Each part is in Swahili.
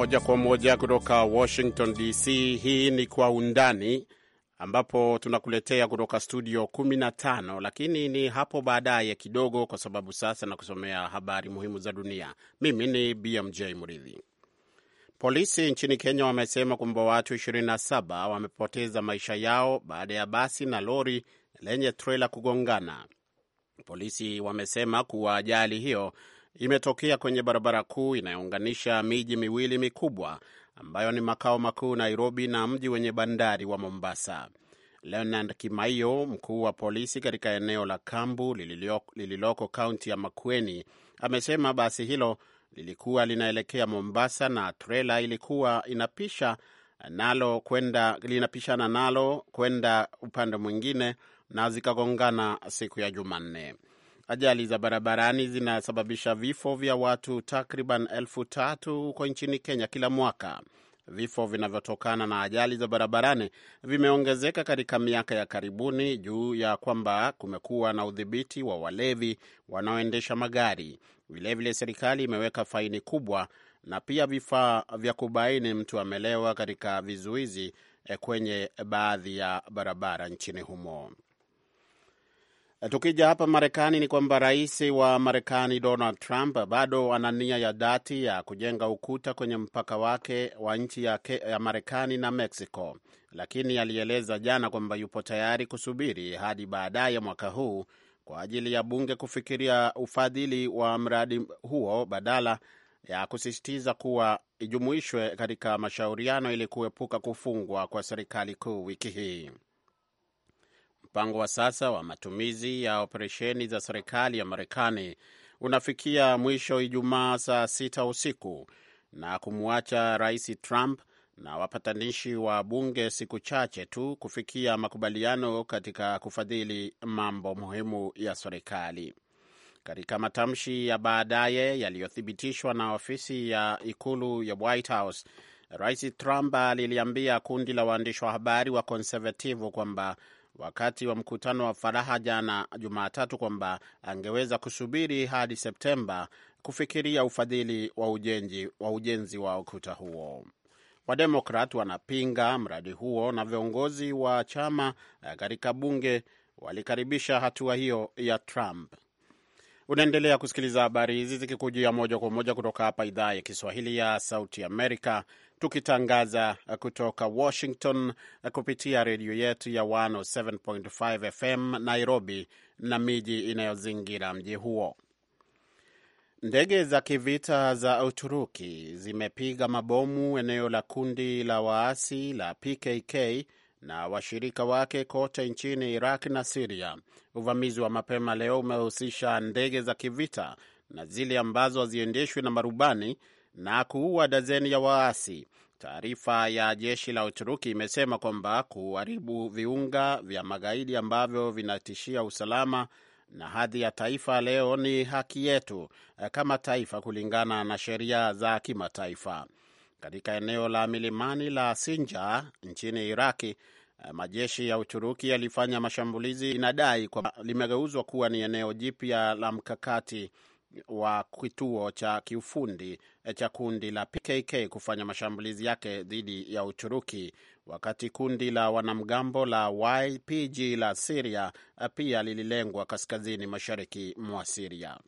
Moja kwa moja kutoka Washington DC. Hii ni Kwa Undani, ambapo tunakuletea kutoka studio 15, lakini ni hapo baadaye kidogo, kwa sababu sasa na kusomea habari muhimu za dunia. Mimi ni BMJ Mridhi. Polisi nchini Kenya wamesema kwamba watu 27 wamepoteza maisha yao baada ya basi na lori lenye trela kugongana. Polisi wamesema kuwa ajali hiyo imetokea kwenye barabara kuu inayounganisha miji miwili mikubwa ambayo ni makao makuu Nairobi na mji wenye bandari wa Mombasa. Leonard Kimaiyo, mkuu wa polisi katika eneo la Kambu lililoko kaunti ya Makueni, amesema basi hilo lilikuwa linaelekea Mombasa na trela ilikuwa inapisha nalo kwenda linapishana nalo kwenda upande mwingine na zikagongana siku ya Jumanne. Ajali za barabarani zinasababisha vifo vya watu takriban elfu tatu huko nchini Kenya kila mwaka. Vifo vinavyotokana na ajali za barabarani vimeongezeka katika miaka ya karibuni juu ya kwamba kumekuwa na udhibiti wa walevi wanaoendesha magari. Vilevile, serikali imeweka faini kubwa na pia vifaa vya kubaini mtu amelewa katika vizuizi eh, kwenye baadhi ya barabara nchini humo. Eh, tukija hapa Marekani ni kwamba rais wa Marekani Donald Trump bado ana nia ya dhati ya kujenga ukuta kwenye mpaka wake wa nchi ya, ya Marekani na Mexico, lakini alieleza jana kwamba yupo tayari kusubiri hadi baadaye mwaka huu kwa ajili ya bunge kufikiria ufadhili wa mradi huo badala ya kusisitiza kuwa ijumuishwe katika mashauriano ili kuepuka kufungwa kwa serikali kuu wiki hii. Mpango wa sasa wa matumizi ya operesheni za serikali ya Marekani unafikia mwisho Ijumaa saa sita usiku na kumwacha Rais Trump na wapatanishi wa bunge siku chache tu kufikia makubaliano katika kufadhili mambo muhimu ya serikali. Katika matamshi ya baadaye yaliyothibitishwa na ofisi ya ikulu ya White House, Rais Trump aliliambia kundi la waandishi wa habari wa konservativu kwamba wakati wa mkutano wa faraha jana Jumatatu kwamba angeweza kusubiri hadi Septemba kufikiria ufadhili wa ujenzi wa ujenzi wa ukuta huo. Wademokrat wanapinga mradi huo na viongozi wa chama eh, katika bunge walikaribisha hatua hiyo ya Trump. Unaendelea kusikiliza habari hizi zikikujia moja kwa moja kutoka hapa idhaa ya Kiswahili ya Sauti Amerika, tukitangaza kutoka Washington kupitia redio yetu ya 107.5 FM Nairobi na miji inayozingira mji huo. Ndege za kivita za Uturuki zimepiga mabomu eneo la kundi la waasi la PKK na washirika wake kote nchini Iraq na Siria. Uvamizi wa mapema leo umehusisha ndege za kivita na zile ambazo haziendeshwi na marubani na kuua dazeni ya waasi. Taarifa ya jeshi la Uturuki imesema kwamba kuharibu viunga vya magaidi ambavyo vinatishia usalama na hadhi ya taifa leo ni haki yetu eh, kama taifa kulingana na sheria za kimataifa katika eneo la milimani la sinja nchini Iraki, eh, majeshi ya Uturuki yalifanya mashambulizi, inadai kwamba limegeuzwa kuwa ni eneo jipya la mkakati wa kituo cha kiufundi eh, cha kundi la PKK kufanya mashambulizi yake dhidi ya Uturuki, wakati kundi la wanamgambo la YPG la Siria eh, pia lililengwa kaskazini mashariki mwa Siria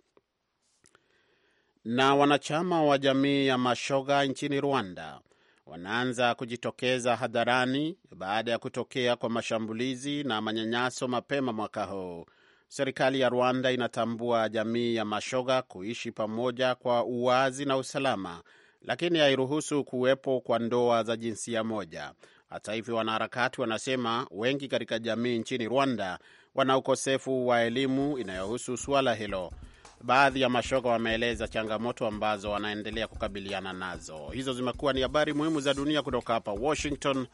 na wanachama wa jamii ya mashoga nchini Rwanda wanaanza kujitokeza hadharani baada ya kutokea kwa mashambulizi na manyanyaso mapema mwaka huu. Serikali ya Rwanda inatambua jamii ya mashoga kuishi pamoja kwa uwazi na usalama, lakini hairuhusu kuwepo kwa ndoa za jinsia moja. Hata hivyo, wanaharakati wanasema wengi katika jamii nchini Rwanda wana ukosefu wa elimu inayohusu suala hilo baadhi ya mashoga wameeleza changamoto ambazo wanaendelea kukabiliana nazo. Hizo zimekuwa ni habari muhimu za dunia kutoka hapa Washington.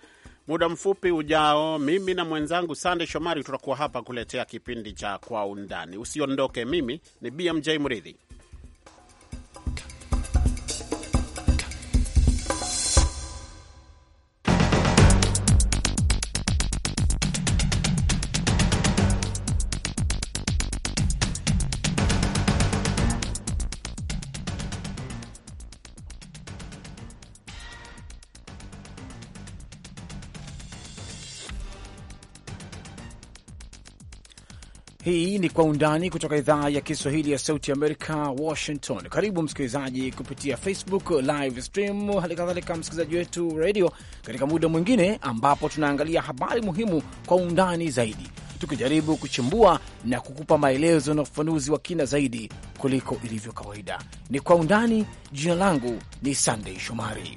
Muda mfupi ujao, mimi na mwenzangu Sande Shomari tutakuwa hapa kuletea kipindi cha Kwa Undani. Usiondoke, mimi ni BMJ Mridhi. Kwa Undani kutoka idhaa ya Kiswahili ya Sauti Amerika, Washington. Karibu msikilizaji kupitia Facebook live stream, hali kadhalika msikilizaji wetu redio, katika muda mwingine ambapo tunaangalia habari muhimu kwa undani zaidi, tukijaribu kuchimbua na kukupa maelezo na ufafanuzi wa kina zaidi kuliko ilivyo kawaida. Ni Kwa Undani. Jina langu ni Sandei Shomari.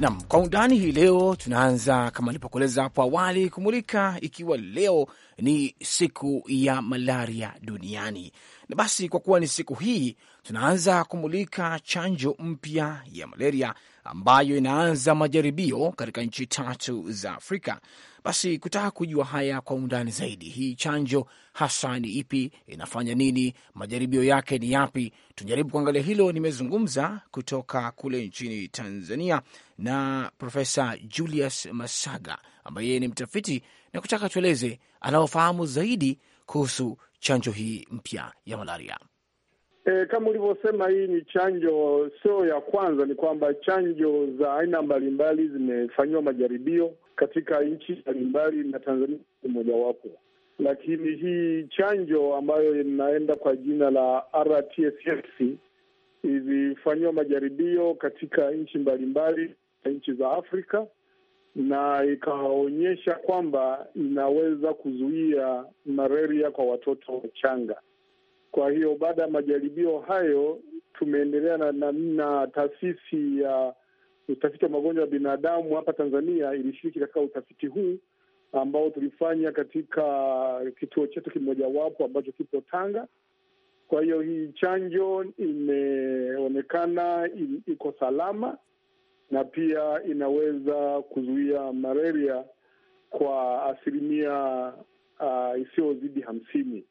Nam kwa undani hii leo, tunaanza kama alipokueleza hapo awali kumulika, ikiwa leo ni siku ya malaria duniani, na basi kwa kuwa ni siku hii, tunaanza kumulika chanjo mpya ya malaria ambayo inaanza majaribio katika nchi tatu za Afrika. Basi kutaka kujua haya kwa undani zaidi, hii chanjo hasa ni ipi, inafanya nini, majaribio yake ni yapi? Tujaribu kuangalia hilo. Nimezungumza kutoka kule nchini Tanzania na Profesa Julius Masaga ambaye yeye ni mtafiti na kutaka tueleze anaofahamu zaidi kuhusu chanjo hii mpya ya malaria. E, kama ulivyosema hii ni chanjo sio ya kwanza. Ni kwamba chanjo za aina mbalimbali zimefanyiwa majaribio katika nchi mbalimbali na Tanzania ni mojawapo, lakini hii chanjo ambayo inaenda kwa jina la RTSS ilifanyiwa majaribio katika nchi mbalimbali na nchi za Afrika na ikaonyesha kwamba inaweza kuzuia malaria kwa watoto wachanga. Kwa hiyo baada ya majaribio hayo tumeendelea na, na, na taasisi ya uh, utafiti wa magonjwa ya binadamu hapa Tanzania ilishiriki katika utafiti huu ambao tulifanya katika kituo chetu kimojawapo ambacho kipo Tanga. Kwa hiyo hii chanjo imeonekana iko salama na pia inaweza kuzuia malaria kwa asilimia uh, isiyozidi hamsini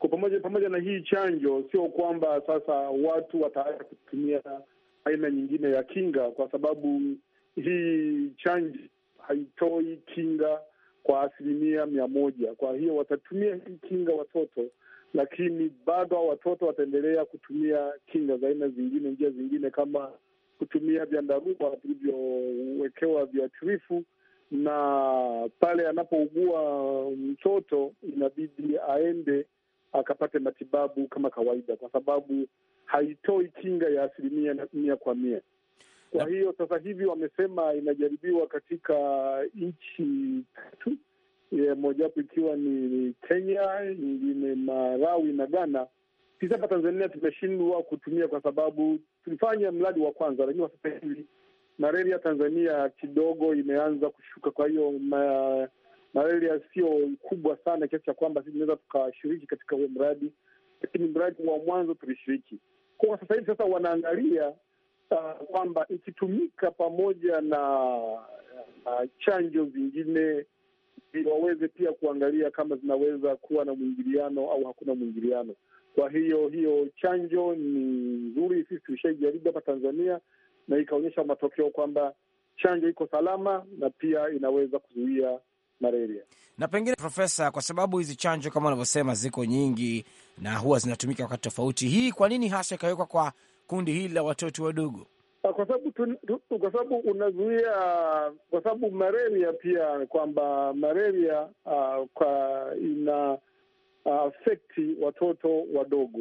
kwa pamoja. Pamoja na hii chanjo, sio kwamba sasa watu wataacha kutumia aina nyingine ya kinga, kwa sababu hii chanjo haitoi kinga kwa asilimia mia moja. Kwa hiyo watatumia hii kinga watoto, lakini bado watoto wataendelea kutumia kinga za aina zingine, njia zingine kama kutumia vyandarua vilivyowekewa viuatilifu, na pale anapougua mtoto inabidi aende akapate matibabu kama kawaida, kwa sababu haitoi kinga ya asilimia mia kwa mia. Kwa hiyo sasa hivi wamesema inajaribiwa katika nchi tatu, e, mojawapo ikiwa ni Kenya, nyingine Malawi na Ghana. Sisi hapa Tanzania tumeshindwa kutumia kwa sababu tulifanya mradi wa kwanza, lakini sasa hivi malaria Tanzania kidogo imeanza kushuka, kwa hiyo ma na reli sio kubwa sana kiasi cha kwamba sisi tunaweza tukashiriki katika huo mradi, lakini mradi wa mwanzo tulishiriki. Kwa sasa hivi sasa wanaangalia uh, kwamba uh, ikitumika pamoja na uh, chanjo zingine waweze pia kuangalia kama zinaweza kuwa na mwingiliano au hakuna mwingiliano. Kwa hiyo hiyo chanjo ni nzuri, sisi tulishaijaribu hapa Tanzania na ikaonyesha matokeo kwamba chanjo iko salama na pia inaweza kuzuia malaria. Na pengine Profesa, kwa sababu hizi chanjo kama unavyosema ziko nyingi na huwa zinatumika wakati tofauti, hii kwa nini hasa ikawekwa kwa kundi hili la watoto wadogo? Ah, kwa sababu kwa sababu unazuia, kwa sababu malaria pia kwamba malaria uh, kwa ina ah, afekti uh, watoto wadogo,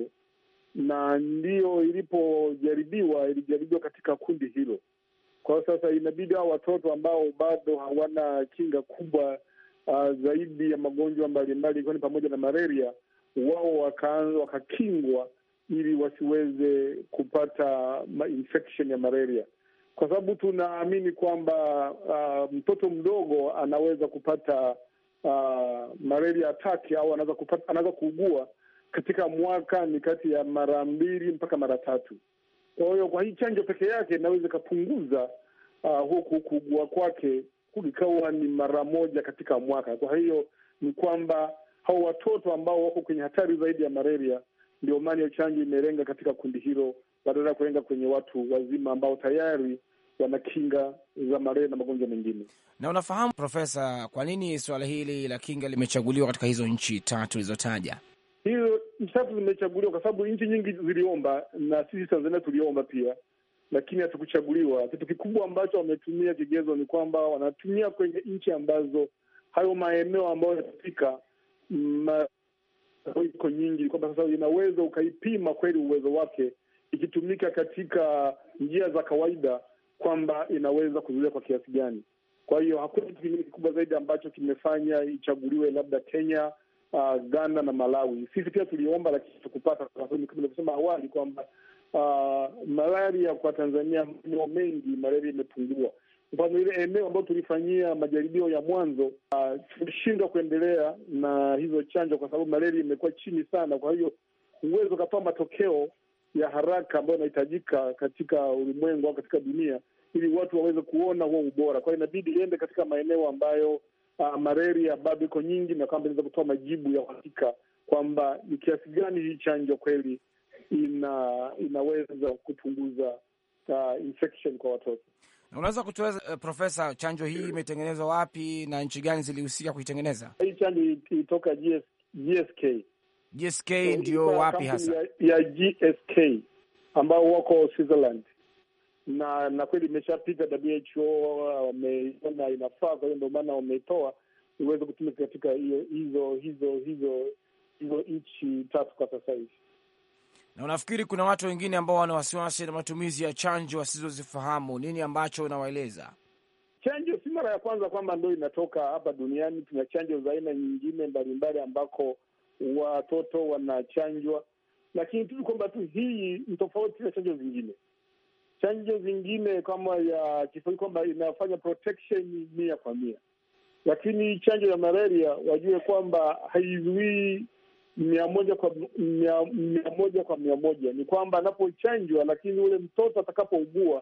na ndiyo ilipojaribiwa, ilijaribiwa katika kundi hilo. Kwa sasa inabidi hao watoto ambao bado hawana kinga kubwa uh, zaidi ya magonjwa mbalimbali ikiwa ni pamoja na malaria, wao wakakingwa ili wasiweze kupata infection ya malaria, kwa sababu tunaamini kwamba uh, mtoto mdogo anaweza kupata uh, malaria attack au anaweza kupata anaweza kuugua katika mwaka ni kati ya mara mbili mpaka mara tatu. Kwa hiyo kwa hii chanjo peke yake inaweza ikapunguza uh, huku kuugua kwake ikawa ni mara moja katika mwaka. Kwa hiyo ni kwamba hao watoto ambao wako kwenye hatari zaidi ya malaria, ndio maana hiyo chanjo imelenga katika kundi hilo badala ya kulenga kwenye watu wazima ambao tayari wana kinga za malaria na magonjwa mengine. Na unafahamu Profesa, kwa nini suala hili la kinga limechaguliwa katika hizo nchi tatu ulizotaja? Hizo nchi tatu zimechaguliwa kwa sababu nchi nyingi ziliomba, na sisi Tanzania tuliomba pia lakini hatukuchaguliwa. Kitu kikubwa ambacho wametumia kigezo ni kwamba wanatumia kwenye nchi ambazo hayo maeneo ambayo yanafika mm, iko nyingi, kwamba sasa inaweza ukaipima kweli uwezo wake ikitumika katika njia za kawaida, kwamba inaweza kuzuia kwa kiasi gani. Kwa hiyo hakuna kitu kingine kikubwa zaidi ambacho kimefanya ichaguliwe labda Kenya, uh, Ghana na Malawi. Sisi pia tuliomba, lakini tukupata kama nilivyosema awali kwamba uh, malaria kwa Tanzania maeneo mengi malaria imepungua. Mfano ile eneo ambayo tulifanyia majaribio ya mwanzo ah, tumeshindwa uh, kuendelea na hizo chanjo kwa sababu malaria imekuwa chini sana, kwa hiyo huwezi ukatoa matokeo ya haraka ambayo inahitajika katika ulimwengu au katika dunia ili watu waweze kuona huo ubora. Kwa hiyo inabidi iende katika maeneo ambayo uh, malaria bado iko nyingi na kwamba inaweza kutoa majibu ya uhakika kwamba ni kiasi gani hii chanjo kweli ina inaweza kupunguza uh, infection kwa watoto. Na unaweza kutueleza uh, Profesa, chanjo hii imetengenezwa wapi na nchi gani zilihusika kuitengeneza hii chanjo? itoka GS, GSK. GSK ndio wapi hasa ya, ya GSK ambao wako Switzerland na na kweli imeshapita WHO wameona inafaa, kwa hiyo ndio maana wametoa iweze kutumika katika hizo hizo hizo hizo nchi tatu kwa sasa hivi. Na unafikiri kuna watu wengine ambao wana wasiwasi na matumizi ya chanjo wasizozifahamu, nini ambacho unawaeleza? Chanjo si mara ya kwanza kwamba ndo inatoka hapa duniani. Tuna chanjo za aina nyingine mbalimbali ambako watoto wanachanjwa, lakini tu kwamba tu hii ni tofauti na chanjo zingine. Chanjo zingine kama ya kifo kwamba inafanya protection mia kwa mia, lakini chanjo ya malaria wajue kwamba haizuii mia moja kwa mia, mia moja kwa mia moja ni kwamba anapochanjwa, lakini ule mtoto atakapougua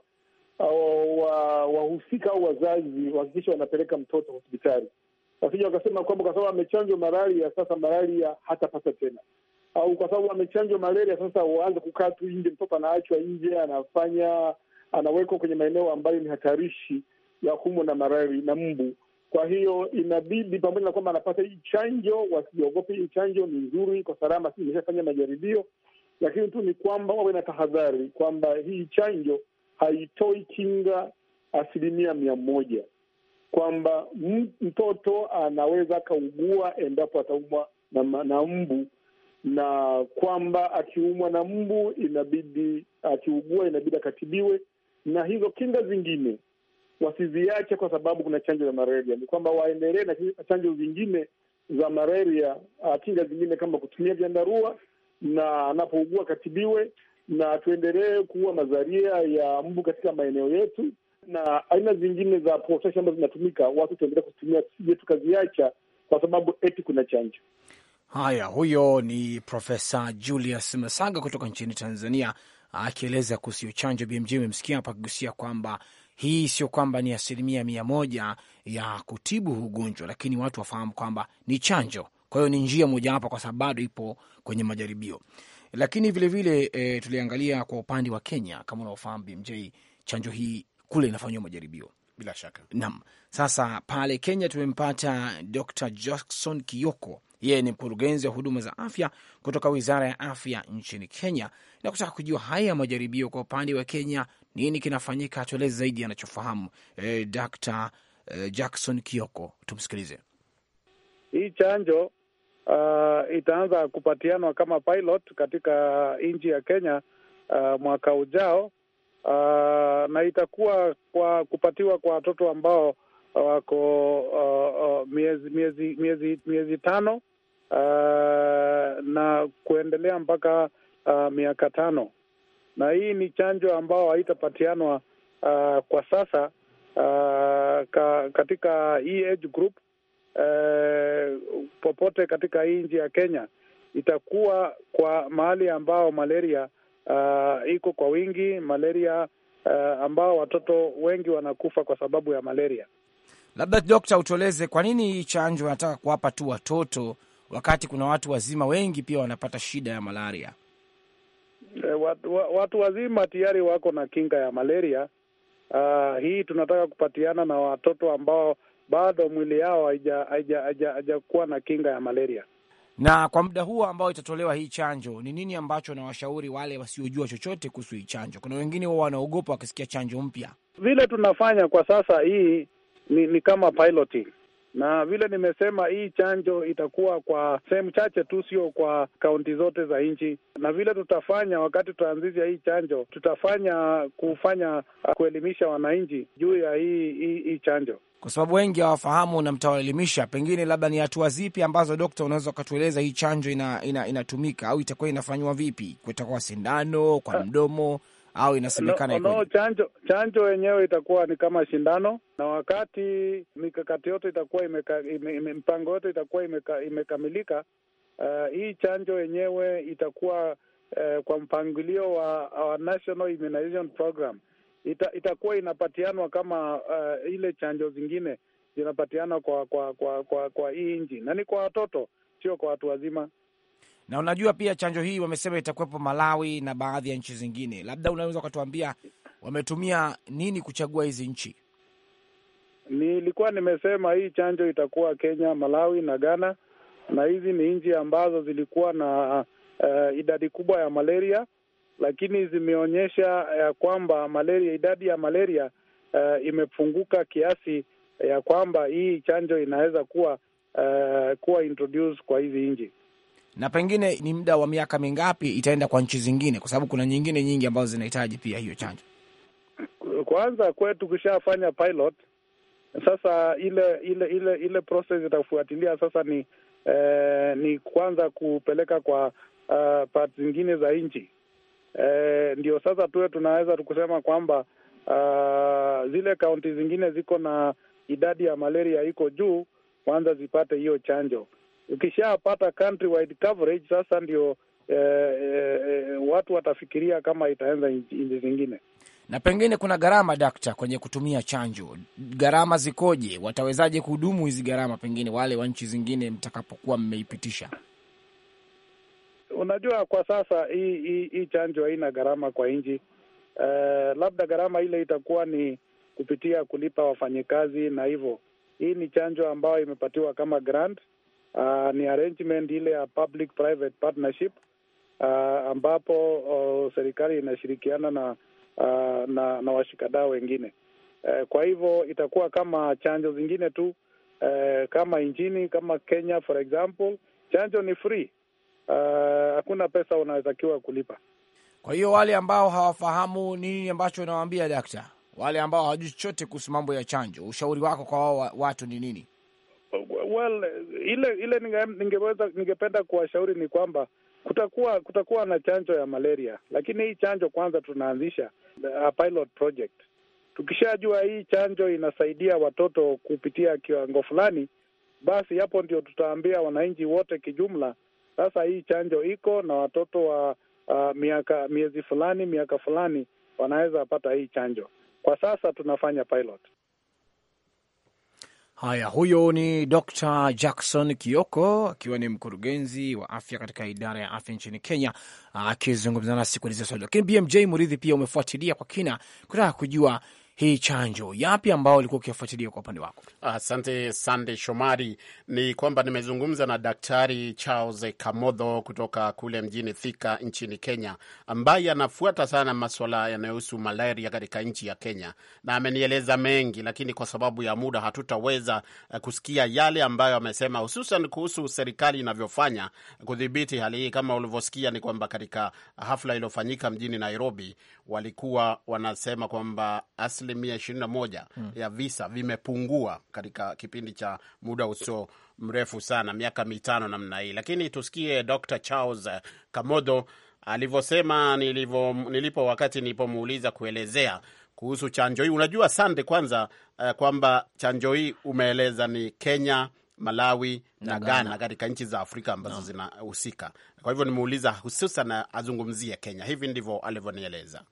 wahusika wa, au wazazi wahakikisha wanapeleka mtoto hospitali. Wasija wakasema kwamba kwa sababu amechanjwa malaria, sasa malaria hatapata tena, au kwa sababu amechanjwa malaria, sasa waanze kukaa tu nje, mtoto anaachwa nje, anafanya anawekwa kwenye maeneo ambayo ni hatarishi ya kumwa na malaria na mbu kwa hiyo inabidi pamoja na kwamba anapata hii chanjo, wasiogope. Hii chanjo ni nzuri kwa salama, si imeshafanya majaribio, lakini tu ni kwamba wawe na tahadhari kwamba hii chanjo haitoi kinga asilimia mia moja, kwamba mtoto anaweza akaugua endapo ataumwa na, na mbu na kwamba akiumwa na mbu inabidi, akiugua inabidi akatibiwe, na hizo kinga zingine wasiziache kwa sababu kuna chanjo ya malaria. Ni kwamba waendelee na chanjo zingine za malaria, ah, kinga zingine kama kutumia vyandarua, na anapougua katibiwe, na tuendelee kuua mazaria ya mbu katika maeneo yetu na aina zingine za protesha ambazo zinatumika, watu tuendelee kutumia yetu, kaziacha kwa sababu eti kuna chanjo. Haya, huyo ni Profesa Julius Masaga kutoka nchini Tanzania akieleza kuhusu chanjo BMJ. Umemsikia hapa akigusia kwamba hii sio kwamba ni asilimia mia moja ya kutibu ugonjwa, lakini watu wafahamu kwamba ni chanjo. Kwa hiyo ni njia mojawapo, kwa sababu bado ipo kwenye majaribio. Lakini vilevile vile, e, tuliangalia kwa upande wa Kenya, kama unaofahamu BMJ, chanjo hii kule inafanyiwa majaribio bila shaka. Naam, sasa pale Kenya tumempata Dr Jackson Kioko, yeye ni mkurugenzi wa huduma za afya kutoka wizara ya afya nchini Kenya, na kutaka kujua haya ya majaribio kwa upande wa Kenya nini kinafanyika, atueleze zaidi anachofahamu e, Dr. Eh, Jackson Kioko, tumsikilize. Hii chanjo uh, itaanza kupatianwa kama pilot katika nchi ya Kenya uh, mwaka ujao uh, na itakuwa kwa kupatiwa kwa watoto ambao wako uh, uh, miezi, miezi, miezi, miezi tano uh, na kuendelea mpaka uh, miaka tano na hii ni chanjo ambao haitapatianwa uh, kwa sasa uh, ka, katika hii age group uh, popote katika hii nchi ya Kenya itakuwa kwa mahali ambao malaria uh, iko kwa wingi, malaria uh, ambao watoto wengi wanakufa kwa sababu ya malaria. Labda dokta, utueleze kwa nini hii chanjo wanataka kuwapa tu watoto wakati kuna watu wazima wengi pia wanapata shida ya malaria? Eh, watu, watu wazima tayari wako na kinga ya malaria. Uh, hii tunataka kupatiana na watoto ambao bado mwili yao haijakuwa na kinga ya malaria. Na kwa muda huo ambao itatolewa hii chanjo, ni nini ambacho nawashauri wale wasiojua chochote kuhusu hii chanjo? Kuna wengine wao wanaogopa wakisikia chanjo mpya. Vile tunafanya kwa sasa hii ni, ni kama piloting na vile nimesema, hii chanjo itakuwa kwa sehemu chache tu, sio kwa kaunti zote za nchi. Na vile tutafanya wakati tutaanzisha hii chanjo, tutafanya kufanya uh, kuelimisha wananchi juu ya hii, hii, hii chanjo kwa sababu wengi hawafahamu na mtawaelimisha. Pengine labda ni hatua zipi ambazo dokta unaweza ukatueleza hii chanjo ina, ina, inatumika au itakuwa inafanywa vipi? Kutakuwa sindano kwa ah. mdomo au inasemekana no, no, chanjo chanjo yenyewe itakuwa ni kama shindano, na wakati mikakati yote itakuwa imeka, ime, ime, mpango yote itakuwa imeka, imekamilika. Uh, hii chanjo yenyewe itakuwa uh, kwa mpangilio wa our National Immunization Program ita, itakuwa inapatianwa kama uh, ile chanjo zingine zinapatiana kwa kwa kwa kwa, kwa hii nchi na ni kwa watoto, sio kwa watu wazima na unajua pia chanjo hii wamesema itakuwepo Malawi na baadhi ya nchi zingine, labda unaweza ukatuambia wametumia nini kuchagua hizi nchi? Nilikuwa nimesema hii chanjo itakuwa Kenya, Malawi na Ghana, na hizi ni nchi ambazo zilikuwa na uh, idadi kubwa ya malaria, lakini zimeonyesha ya uh, kwamba malaria, idadi ya malaria uh, imepunguka kiasi ya uh, kwamba hii chanjo inaweza kuwa uh, kuwa introduce kwa hizi nchi na pengine ni muda wa miaka mingapi itaenda kwa nchi zingine, kwa sababu kuna nyingine nyingi ambazo zinahitaji pia hiyo chanjo? Kwanza kwetu kushafanya pilot, sasa ile ile ile ile process itafuatilia sasa ni eh, ni kwanza kupeleka kwa uh, part zingine za nchi eh, ndio sasa tuwe tunaweza tukusema kwamba uh, zile kaunti zingine ziko na idadi ya malaria iko juu, kwanza zipate hiyo chanjo Ukishapata country wide coverage sasa ndio eh, eh, watu watafikiria kama itaanza nchi zingine. Na pengine kuna gharama dakta, kwenye kutumia chanjo, gharama zikoje? Watawezaje kudumu hizi gharama, pengine wale wa nchi zingine mtakapokuwa mmeipitisha? Unajua, kwa sasa hii hii, hii chanjo haina gharama kwa nchi Uh, labda gharama ile itakuwa ni kupitia kulipa wafanyikazi na hivyo. Hii ni chanjo ambayo imepatiwa kama grant uh, ni arrangement ile ya public private partnership uh, ambapo uh, serikali inashirikiana na uh, na, na washikadau wengine uh, kwa hivyo itakuwa kama chanjo zingine tu uh, kama nchini kama Kenya for example chanjo ni free hakuna pesa unawezakiwa kulipa. Kwa hiyo wale ambao hawafahamu nini ambacho unawaambia dakta, wale ambao hawajui chochote kuhusu mambo ya chanjo, ushauri wako kwa wao watu ni nini? well, ile ile ningeweza ningependa kuwashauri ni kwamba kutakuwa kutakuwa na chanjo ya malaria, lakini hii chanjo kwanza tunaanzisha a pilot project. Tukishajua hii chanjo inasaidia watoto kupitia kiwango fulani, basi hapo ndio tutaambia wananchi wote kijumla, sasa hii chanjo iko na watoto wa uh, miaka miezi fulani miaka fulani wanaweza pata hii chanjo. Kwa sasa tunafanya pilot. Haya, huyo ni Dr Jackson Kioko akiwa ni mkurugenzi wa afya katika idara ya afya nchini Kenya akizungumza nasi kuelezea swali. Lakini BMJ Muridhi, pia umefuatilia kwa kina kutaka kujua hii chanjo. Yapi ambao ulikuwa ukiyafuatilia kwa upande wako? Asante Sande Shomari. Ni kwamba nimezungumza na Daktari Charles Kamodho kutoka kule mjini Thika nchini Kenya, ambaye anafuata sana maswala yanayohusu malaria katika nchi ya Kenya, na amenieleza mengi, lakini kwa sababu ya muda hatutaweza eh, kusikia yale ambayo amesema, hususan kuhusu serikali inavyofanya kudhibiti hali hii. Kama ulivyosikia, ni kwamba katika hafla iliyofanyika mjini Nairobi walikuwa wanasema kwamba asilimia 21 hmm, ya visa vimepungua katika kipindi cha muda usio mrefu sana, miaka mitano namna hii. Lakini tusikie Dr. Charles Kamodo alivyosema nilipo wakati nilipomuuliza kuelezea kuhusu chanjo hii. Unajua sande kwanza uh, kwamba chanjo hii umeeleza ni Kenya, Malawi na Ghana katika nchi za Afrika ambazo no. zinahusika. Kwa hivyo nimeuliza hususan azungumzie Kenya, hivi ndivyo alivyonieleza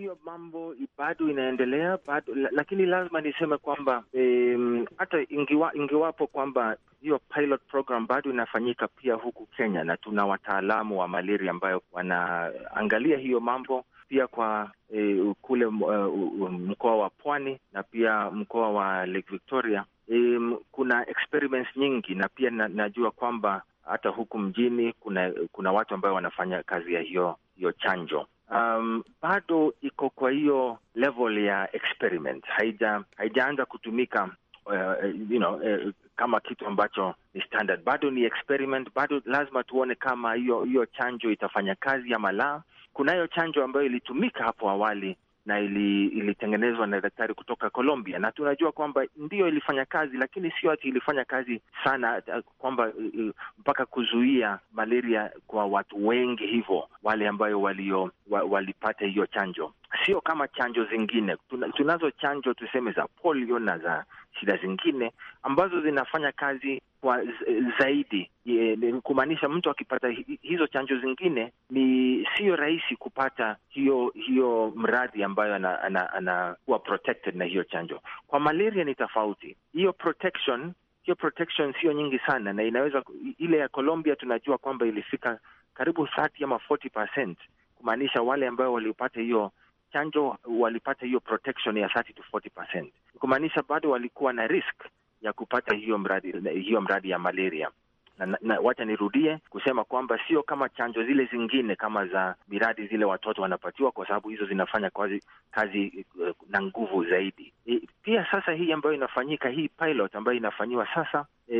hiyo mambo bado inaendelea bado, lakini lazima niseme kwamba hata um, ingiwa, ingiwapo kwamba hiyo pilot program bado inafanyika pia huku Kenya, na tuna wataalamu wa malaria ambayo wanaangalia hiyo mambo pia kwa e, kule uh, mkoa wa Pwani na pia mkoa wa Lake Victoria e, kuna experiments nyingi, na pia na, najua kwamba hata huku mjini kuna kuna watu ambao wanafanya kazi ya hiyo hiyo chanjo um, bado iko kwa hiyo level ya experiment, haija haijaanza kutumika uh, you know, uh, kama kitu ambacho ni standard, bado ni experiment, bado lazima tuone kama hiyo hiyo chanjo itafanya kazi ama la. Kunayo chanjo ambayo ilitumika hapo awali na ili, ilitengenezwa na daktari kutoka Colombia, na tunajua kwamba ndiyo ilifanya kazi, lakini sio ati ilifanya kazi sana kwamba uh, uh, mpaka kuzuia malaria kwa watu wengi hivyo, wale ambayo walio wa, walipata hiyo chanjo, sio kama chanjo zingine. Tunazo chanjo tuseme za polio na za shida zingine ambazo zinafanya kazi kwa zaidi, kumaanisha mtu akipata hizo chanjo zingine ni siyo rahisi kupata hiyo hiyo mradhi ambayo anakuwa ana, ana, protected na hiyo chanjo. Kwa malaria ni tofauti, hiyo protection hiyo protection sio nyingi sana, na inaweza ile ya Colombia tunajua kwamba ilifika karibu thati ama percent kumaanisha wale ambao walipata hiyo chanjo walipata hiyo protection ya 30 to 40%, kumaanisha bado walikuwa na risk ya kupata hiyo mradi hiyo mradi ya malaria. Na, na, na wacha nirudie kusema kwamba sio kama chanjo zile zingine kama za miradi zile watoto wanapatiwa, kwa sababu hizo zinafanya kazi, kazi eh, na nguvu zaidi. E, pia sasa hii ambayo inafanyika hii pilot ambayo inafanyiwa sasa e,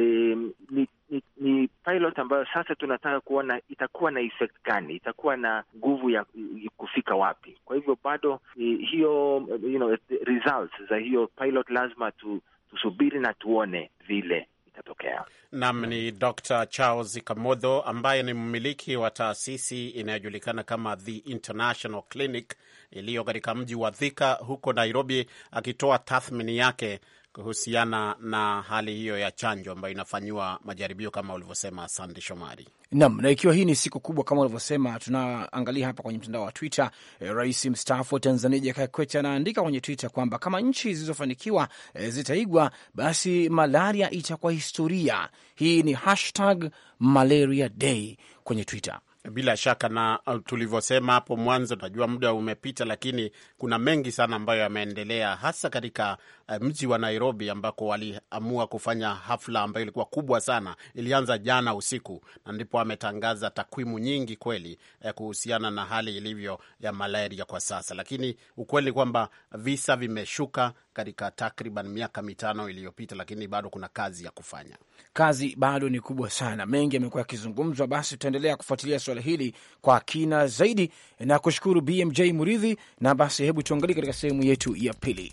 ni, ni, ni pilot ambayo sasa tunataka kuona itakuwa na effect gani, itakuwa na nguvu ya kufika wapi. Kwa hivyo bado e, hiyo you know, results za hiyo pilot lazima tu tusubiri na tuone vile itatokea. Nam ni Dr Charles Kamodho ambaye ni mmiliki wa taasisi inayojulikana kama The International Clinic iliyo katika mji wa Thika huko Nairobi, akitoa tathmini yake kuhusiana na hali hiyo ya chanjo ambayo inafanyiwa majaribio kama ulivyosema, sande Shomari. Naam, na ikiwa hii ni siku kubwa kama ulivyosema, tunaangalia hapa kwenye mtandao wa Twitter. Eh, rais mstaafu wa Tanzania Jakaya Kikwete anaandika kwenye Twitter kwamba kama nchi zilizofanikiwa eh, zitaigwa, basi malaria itakuwa historia. Hii ni hashtag malaria day kwenye Twitter. Bila shaka na uh, tulivyosema hapo mwanzo, najua muda umepita, lakini kuna mengi sana ambayo yameendelea hasa katika Eh, mji wa Nairobi ambako waliamua kufanya hafla ambayo ilikuwa kubwa sana, ilianza jana usiku, na ndipo ametangaza takwimu nyingi kweli eh, kuhusiana na hali ilivyo ya malaria kwa sasa, lakini ukweli kwamba visa vimeshuka katika takriban miaka mitano iliyopita, lakini bado kuna kazi ya kufanya. Kazi bado ni kubwa sana, mengi yamekuwa yakizungumzwa. Basi tutaendelea kufuatilia suala hili kwa kina zaidi na kushukuru BMJ Muridhi. Na basi hebu tuangalie katika sehemu yetu ya pili.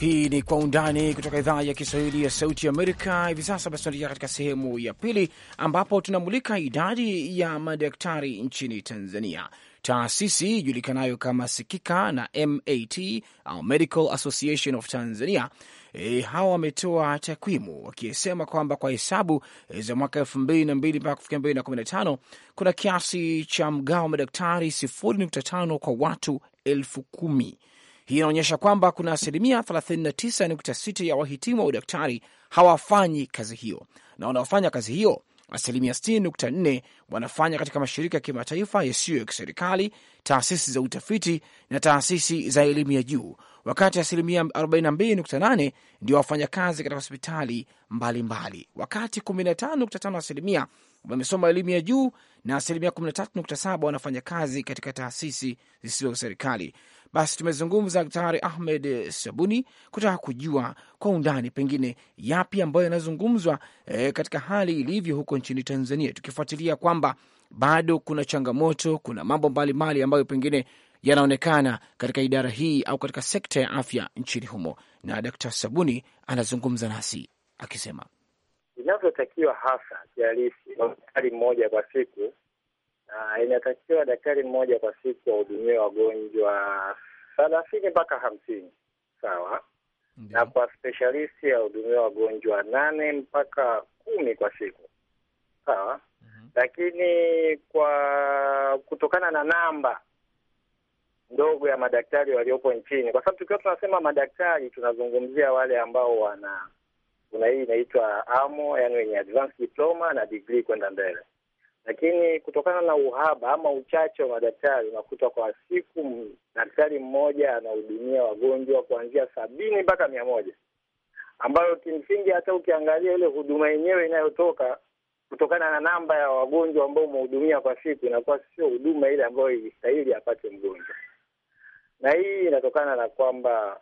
Hii ni Kwa Undani kutoka idhaa ya Kiswahili ya Sauti ya Amerika. Hivi sasa basi tunaelekea katika sehemu ya pili, ambapo tunamulika idadi ya madaktari nchini Tanzania. Taasisi ijulikanayo kama Sikika na MAT au Medical Association of Tanzania e, hawa wametoa takwimu wakisema kwamba kwa hesabu e, za mwaka elfu mbili na mbili mpaka kufikia mbili na kumi na tano kuna kiasi cha mgao wa madaktari sifuri nukta tano kwa watu elfu kumi hii inaonyesha kwamba kuna asilimia 39.6 ya wahitimu wa udaktari hawafanyi kazi hiyo, na wanaofanya kazi hiyo asilimia 60.4 wanafanya katika mashirika ya kimataifa yasiyo ya kiserikali, taasisi za utafiti na taasisi za elimu ya juu, wakati asilimia 42.8 ndio wafanyakazi katika hospitali mbalimbali, wakati 15.5 asilimia wamesoma elimu ya juu na asilimia 13.7 wanafanya kazi katika taasisi zisizo serikali. Basi tumezungumza Daktari Ahmed Sabuni kutaka kujua kwa undani pengine yapi ambayo yanazungumzwa e, katika hali ilivyo huko nchini Tanzania, tukifuatilia kwamba bado kuna changamoto, kuna mambo mbalimbali ambayo pengine yanaonekana katika idara hii au katika sekta ya afya nchini humo, na Daktari Sabuni anazungumza nasi akisema inavyotakiwa hasa kihalisi, daktari mmoja kwa siku Uh, inatakiwa daktari mmoja kwa siku wahudumia wagonjwa thelathini mpaka hamsini sawa, na kwa specialist ahudumia wagonjwa nane mpaka kumi kwa siku sawa. mm -hmm. Lakini kwa kutokana na namba ndogo ya madaktari waliopo nchini, kwa sababu tukiwa tunasema madaktari tunazungumzia wale ambao wana kuna hii inaitwa AMO, yani wenye advanced diploma na digrii kwenda mbele lakini kutokana na uhaba ama uchache wa madaktari, unakuta kwa siku daktari mmoja anahudumia wagonjwa kuanzia sabini mpaka mia moja ambayo kimsingi hata ukiangalia ile huduma yenyewe inayotoka kutokana na namba ya wagonjwa ambao umehudumia kwa siku inakuwa sio huduma ile ambayo ilistahili apate mgonjwa, na hii inatokana na kwamba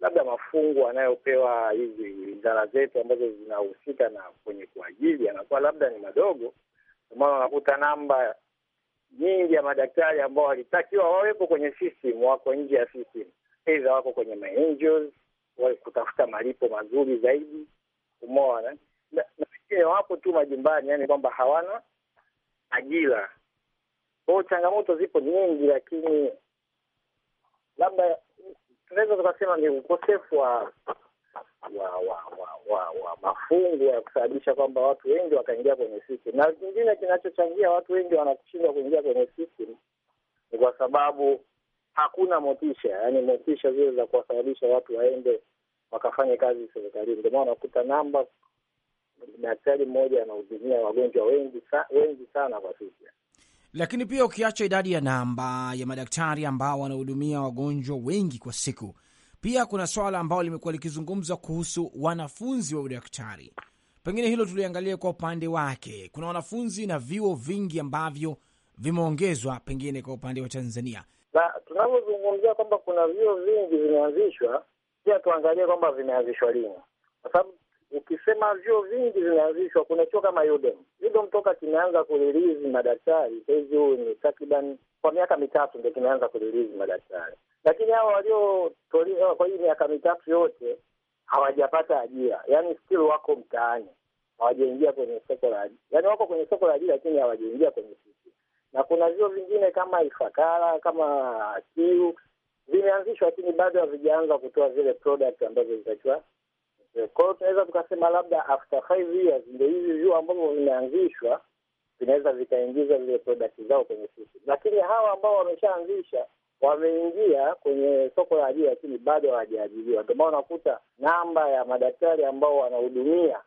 labda mafungu anayopewa hizi wizara zetu ambazo zinahusika na kwenye kuajili anakuwa labda ni madogo maana unakuta namba nyingi ya madaktari ambao walitakiwa wawepo kwenye system wako nje ya system, aidha wako kwenye angels ngos kutafuta malipo mazuri zaidi, umeona, na wengine wapo tu majumbani, yani kwamba hawana ajira. Kwa hiyo changamoto zipo nyingi, lakini labda tunaweza tukasema ni ukosefu wa wa wa wa, wa, wa mafungu ya kusababisha kwamba watu wengi wakaingia kwenye system, na kingine kinachochangia watu wengi wanashindwa kuingia kwenye system ni kwa sababu hakuna motisha, yaani motisha zile za kuwasababisha watu waende wakafanye kazi serikalini. Ndio maana unakuta namba daktari mmoja anahudumia wagonjwa wengi sa, wengi sana kwa sisi. Lakini pia ukiacha idadi ya namba ya madaktari ambao wanahudumia wagonjwa wengi kwa siku, pia kuna swala ambalo limekuwa likizungumzwa kuhusu wanafunzi wa udaktari, pengine hilo tuliangalia kwa upande wake. Kuna wanafunzi na vyuo vingi ambavyo vimeongezwa, pengine kwa upande wa Tanzania, na tunavyozungumzia kwamba kuna vyuo vingi vimeanzishwa, pia tuangalie kwamba vimeanzishwa lini, kwa sababu ukisema vyuo vingi vimeanzishwa, kuna chuo kama UDOM. UDOM toka kimeanza kurilizi madaktari sahizi, huu ni takriban kwa miaka mitatu ndo kimeanza kurilizi madaktari lakini hawa waliotolewa kwa hii miaka mitatu yote hawajapata ajira, yani still wako mtaani, hawajaingia kwenye soko la ajira, yani wako kwenye soko la ajira, lakini hawajaingia kwenye sisi. Na kuna vyuo vingine kama Ifakara kama Kiu vimeanzishwa, lakini bado havijaanza kutoa zile product ambazo zitakiwa. Kwa hiyo tunaweza tukasema labda after five years ndio hivi vyuo ambavyo vimeanzishwa vinaweza vikaingiza zile product zao kwenye sisi, lakini hawa ambao wameshaanzisha wameingia kwenye soko la ajira, lakini bado hawajaajiriwa. Ndio maana unakuta namba ya madaktari ambao wanahudumia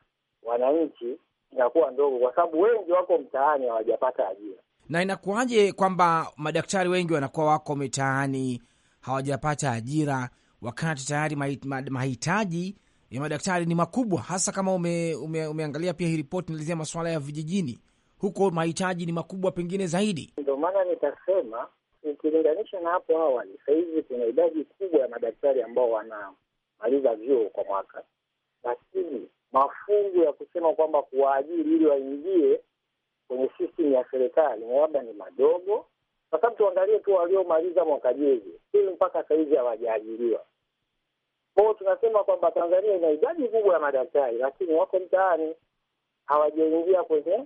wananchi inakuwa ndogo, kwa sababu wengi wako mtaani, hawajapata ajira. Na inakuwaje kwamba madaktari wengi wanakuwa wako mitaani, hawajapata ajira, wakati tayari mahitaji ya madaktari ni makubwa, hasa kama ume, ume, umeangalia pia hii ripoti inaelezea masuala ya vijijini, huko mahitaji ni makubwa pengine zaidi. Ndio maana nikasema ukilinganisha na hapo awali, sahizi kuna idadi kubwa ya madaktari ambao wanamaliza vyuo kwa mwaka, lakini mafunzo ya kusema kwamba kuwaajiri ili waingie kwenye system ya serikali ni labda ni madogo, kwa sababu tuangalie tu waliomaliza mwaka juzi, hili mpaka sahizi hawajaajiriwa. Kwao tunasema kwamba Tanzania ina idadi kubwa ya madaktari, lakini wako mtaani, hawajaingia kwenye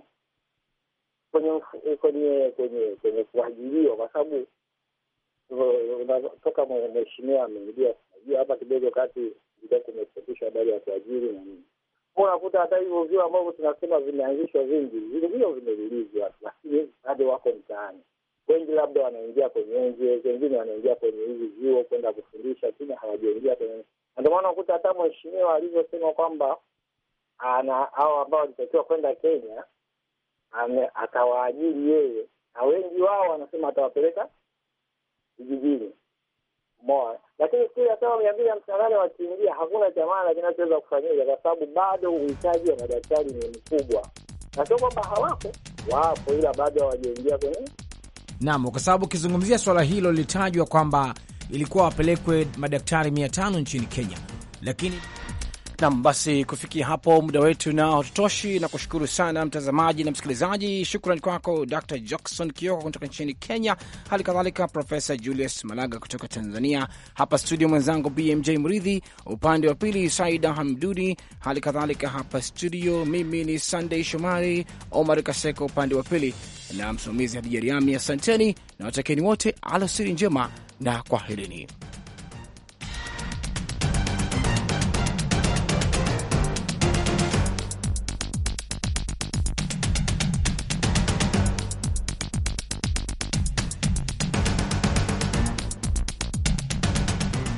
kwenye kwenye kwenye kwenye kuajiriwa, kwa sababu unatoka mheshimiwa ameingia, unajua hapa kidogo kati ilikuwa kumepitishwa habari ya kuajiri na nini, unakuta hata hivyo vyuo ambavyo tunasema vimeanzishwa vingi, vilivyo vimelilizwa, lakini bado wako mtaani wengi labda wanaingia kwenye nje, wengine wanaingia kwenye hivi vyuo kwenda kufundisha, lakini hawajaingia kwenye. Ndio maana unakuta hata mheshimiwa alivyosema kwamba ana hao ambao walitakiwa kwenda Kenya akawaajiri yeye, na wengi wao wanasema atawapeleka vijijini moa. Lakini siku ya sawa mia mbili ya msalala wakiingia, hakuna chamana kinachoweza kufanyika kwa sababu bado uhitaji wa madaktari ni mkubwa, na sio kwamba hawapo, wapo, ila bado hawajaingia kwenye nam, kwa sababu ukizungumzia swala hilo lilitajwa kwamba ilikuwa wapelekwe madaktari mia tano nchini Kenya, lakini Nam, basi kufikia hapo muda wetu na hatutoshi, na kushukuru sana mtazamaji na msikilizaji. Shukran kwako Dr Jackson Kioko kutoka nchini Kenya, hali kadhalika Profesa Julius Malaga kutoka Tanzania. Hapa studio mwenzangu BMJ Mridhi, upande wa pili Saida Hamduni, hali kadhalika hapa studio mimi ni sandey Shomari, Omar Kaseko upande wa pili na msimamizi Hadija Riami. Asanteni na watakeni wote alasiri njema na kwaherini.